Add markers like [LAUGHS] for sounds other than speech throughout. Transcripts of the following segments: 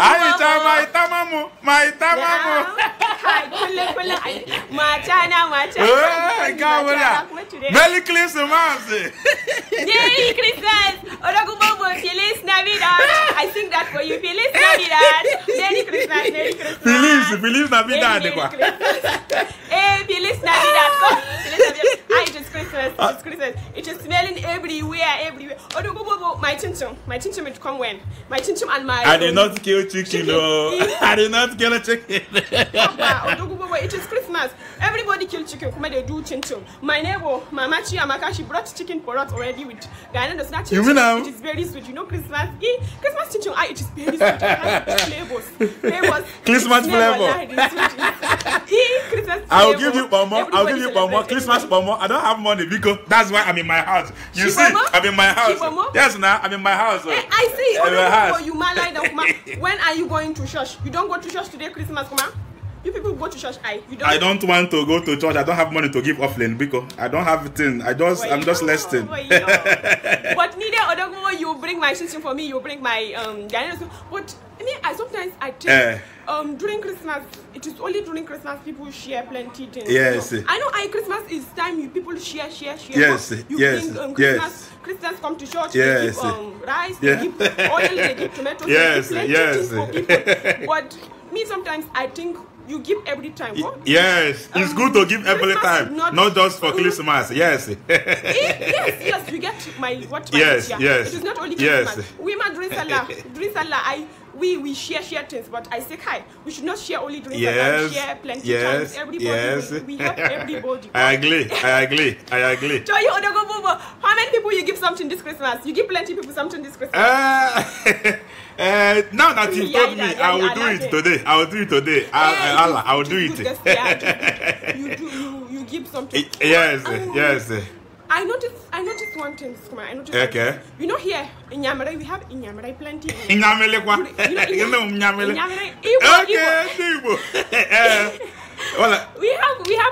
Aisha maita mamu, maita mamu. Kai kulle kulle mata na mata. Eh, kawula. Merry Christmas. Merry Christmas. Oragumbo Feliz Navidad. I sing that for you. Feliz Navidad. Merry Christmas. Merry Christmas. Feliz, Feliz Navidad. Merry Christmas. everywhere, everywhere. Oh, no, go, go, go. My chinchum. My chinchum will come when? My chinchum and my. I did not um, kill chicken, chicken. No. [LAUGHS] I did not kill a chicken. [LAUGHS] Papa, oh, go, go, go. It is Christmas. Everybody kill chicken. Come they do chinchum. My neighbor, Mama Chi Amaka, she brought chicken for us already with Ghana does not chinchum. It um, is very sweet. You know, Christmas. Eh? Christmas chinchum. Ah, it is very sweet. It has [LAUGHS] flavors. Flavors. Christmas flavor. Christmas. I'll give you one more. I'll give you one more. Christmas one more. I don't have money because that's why I'm in my house. You see, I'm in my house. Yes, now I'm in my house. Eh, I see. I'm in my house. You [LAUGHS] when are you going to church? You don't go to church today, Christmas, come you people go to church. I you don't. I don't want to go to church. I don't have money to give offering because I don't have thing. I just well, I'm just less thing. you uh, [LAUGHS] but neither Odogumo, you bring my system for me. You bring my um. But I mean, I sometimes I think uh, um during Christmas, it is only during Christmas people share plenty things. Yes. You know? I know. I Christmas is time you people share share share. Yes. You yes. Bring, um, Christmas, yes. Christians come to church. Yes. They give um, rice. Yes. They give oil. They give tomatoes. Yes. They give [LAUGHS] yes. For people. [LAUGHS] But me sometimes I think you give every time. What? Yes, um, it's good to give every time, not, not, just for Christmas. Yes. it, eh, yes, yes, you get my what? My yes, idea. yes. It is not only Christmas. Yes. Women drink Salah, [LAUGHS] during Salah, I we we share share things, but I say hi. We should not share only during yes, Salah. We share plenty yes, times. Everybody, yes. we, we help everybody. [LAUGHS] I agree. I agree. I agree. [LAUGHS] Joy Odogo how many people you give something this Christmas? You give plenty people something this Christmas. Uh, uh, now that you yeah, told yeah, me, yeah, I will do it today. I will do it today. I, I, I, I will do it. you, do, you, you give something. [LAUGHS] Yes, um, yes. I noticed, I noticed one thing, Skuma. I noticed. Okay. you know, here in Yamare, we have in Yamare plenty. In Yamare, what? You know, in Yamare. Okay, Igbo. [LAUGHS] Eh, eh. Well, [LAUGHS]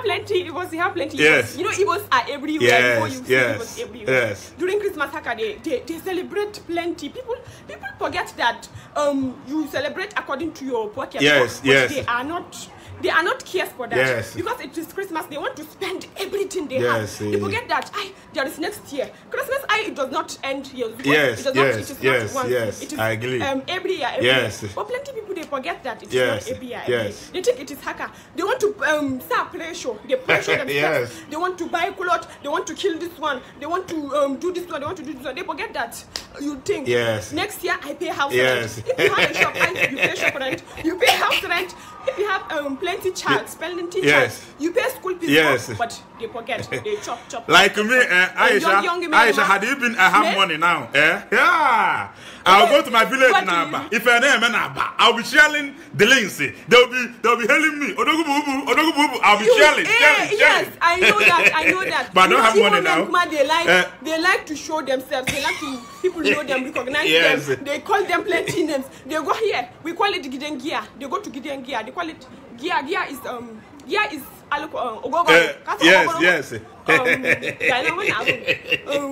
plenty. It was, we have plenty. Yes. you know, it was uh, everywhere. Yes. yes. Everywhere. Yes. During Christmas Haka, they, they, they celebrate plenty. People people forget that um you celebrate according to your pocket. Yes. But yes. They are not they are not cares for that. Yes. Because it is Christmas, they want to spend everything they yes, have. They forget eh. that I there is next year. Christmas I it does not end here. Yes, it yes, not, yes, not yes. It is, I agree. Um, every year, every yes. year. But plenty people they forget that it is yes. not every year. Every yes. Year. They think it is hacker. They want to um start pressure. They pressure [LAUGHS] themselves. yes. They want to buy clothes. They want to kill this one. They want to um, do this one. They want to do this one. They forget that you think yes. next year I pay house yes. rent. If you have a shop rent, you pay shop rent, you pay house rent. If you have um plenty child, yeah. plenty yes. You pay school fees, yes. but they forget. [LAUGHS] They chop, chop. Like chop, me, uh, Aisha, young, young Aisha, had you been, I eh, have money now. Eh? Yeah. I'll go to my village now, in If I name an Aba, I'll be sharing the links. Eh? They'll be they'll be hailing me. Odogububu, Odogububu. I'll be you, sharing, eh, sharing, Yes, I know that. I know that. [LAUGHS] but I don't have money now. Kuma, they like uh, they like to show themselves. They like to people know them, [LAUGHS] recognize yes. them. They call them plenty names. They go here. We call it Gidengia. They go to Gidengia. They call it Gia, Gia is um, Gia is aluko um, ogogo. Uh, yes, ogogo. yes. um, um,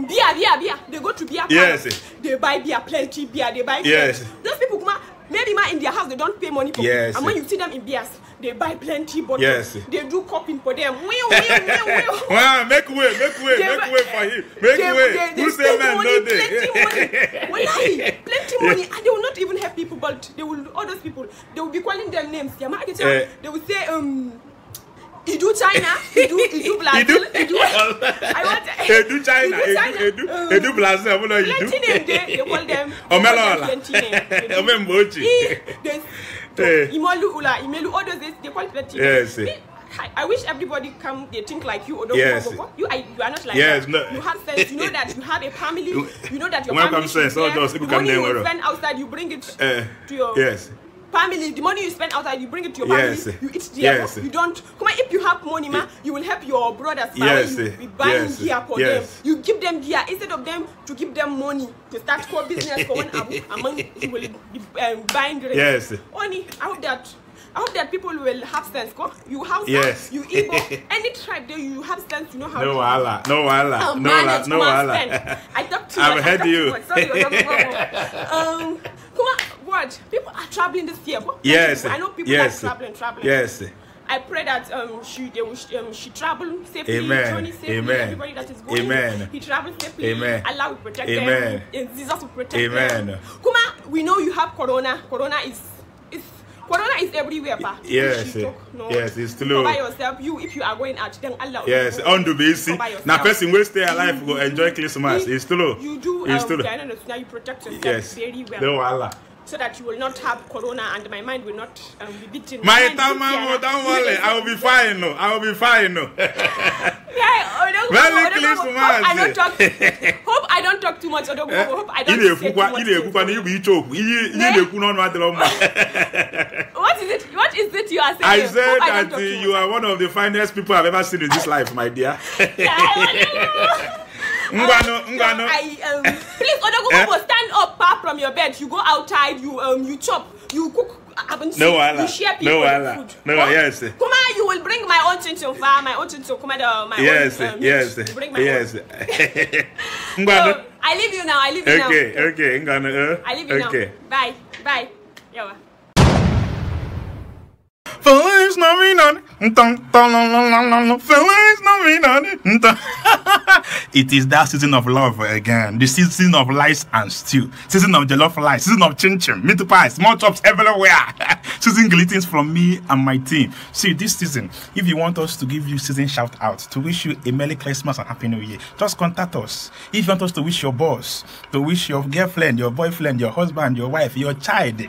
beer, beer, beer. They go to beer parlor. Yes. They buy beer, plenty beer. They buy. Yes. Those people kuma maybe ma in their house they don't pay money for. Yes. And when you see them in beers, they buy plenty bottles. Yes. They do cupping for them. Wee, [LAUGHS] wee, make way, make way, make way for him. Make they, way. They, they Who say man no day? Plenty money. Well, [LAUGHS] making money and they will not even have people, but they will, all those people, they will be calling them names. Uh, they will say, um, Idu China, Idu Idu Brazil, Idu. [LAUGHS] I want Idu China, Idu Idu um, Brazil. I'm not Plenty name they call them. Omelo ala. Omembochi. They. Imolu ula, imelu all those they call plenty. Yes. I wish everybody come. They think like you. Odogu, yes. You, you are not like yes, that. No. You have sense. You know that you have a family. You know that your when family. Sense, there. Just, money come you spend outside, you bring it uh, to your yes. family. The money you spend outside, you bring it to your family. You eat there. Yes. You don't. Come on, if you have money, ma, you will help your brothers. Yes. You, you buy yes. gear for yes. them. You give them gear instead of them to give them money to start core business for one among you will be um, buying drinks. Yes. Only, I hope that I hope that people will have sense. Go. You have yes. you Igbo, [LAUGHS] any tribe there, you have sense, you know how No Allah, no Allah, oh, no Allah, no Allah. I talked to [LAUGHS] I've heard you. Sorry, [LAUGHS] um, come on, watch. People are traveling this year. What? Yes. I know people yes. are traveling, traveling. Yes. I pray that um, she they will, um, she travel safely, Amen. safely, Amen. everybody that is going. Amen. He travels safely. Amen. Allah will protect Amen. them. Amen. Jesus will protect Amen. them. Kuma, we know you have corona. Corona is Corona is everywhere, pa. Yes, yes, eh. no. yes it's true. Cover yourself. You, if you are going out, then Allah. Yes, on the busy. Now, person will stay alive. Go enjoy Christmas. It's true. You do. It's true. Um, now you protect yourself yes. very well. No Allah. So that you will not have corona and my mind will not um, be beaten. My, my time, don't worry. I will be fine. No, I will be fine. No. [LAUGHS] very clean woman hope i don't talk hope i don't talk too much odogwu hope i don't say too much. ị na-ekwukwa na ịbụ iche okwu ihe ị na-ekwu n'ọnụ adịrọ mma. what is it what is it you are saying. i said that uh, you are one of the finest people i have ever seen in this life my dear. [LAUGHS] Ngwano, um, Ngwano. I, um, please, Odogwu, [LAUGHS] eh? stand up, apart from your bed. You go outside, you um, you chop, you cook, abinci. No Allah. You share people no Allah. food. No wahala. Yes. Kuma you will bring my own chin chin fa, my own chin chin kuma the my yes. own. Um, uh, yes. Yes. Bring my yes. own. [LAUGHS] so, I leave you now. I leave you okay, now. Okay. Okay. Ngana. Uh, I leave you okay. now. Bye. Bye. Yawa feelings no mean nothing. It is that season of love again. The season of lice and stew. Season of jollof rice. Season of chin chin. Meat pies, Small chops everywhere. [LAUGHS] season greetings from me and my team. See, this season, if you want us to give you season shout out, to wish you a Merry Christmas and Happy New Year, just contact us. If you want us to wish your boss, to wish your girlfriend, your boyfriend, your husband, your wife, your child,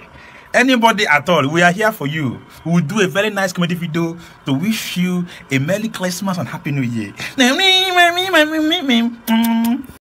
anybody at all, we are here for you. We will do a very nice comedy video to wish you a Merry Christmas and Happy New Year.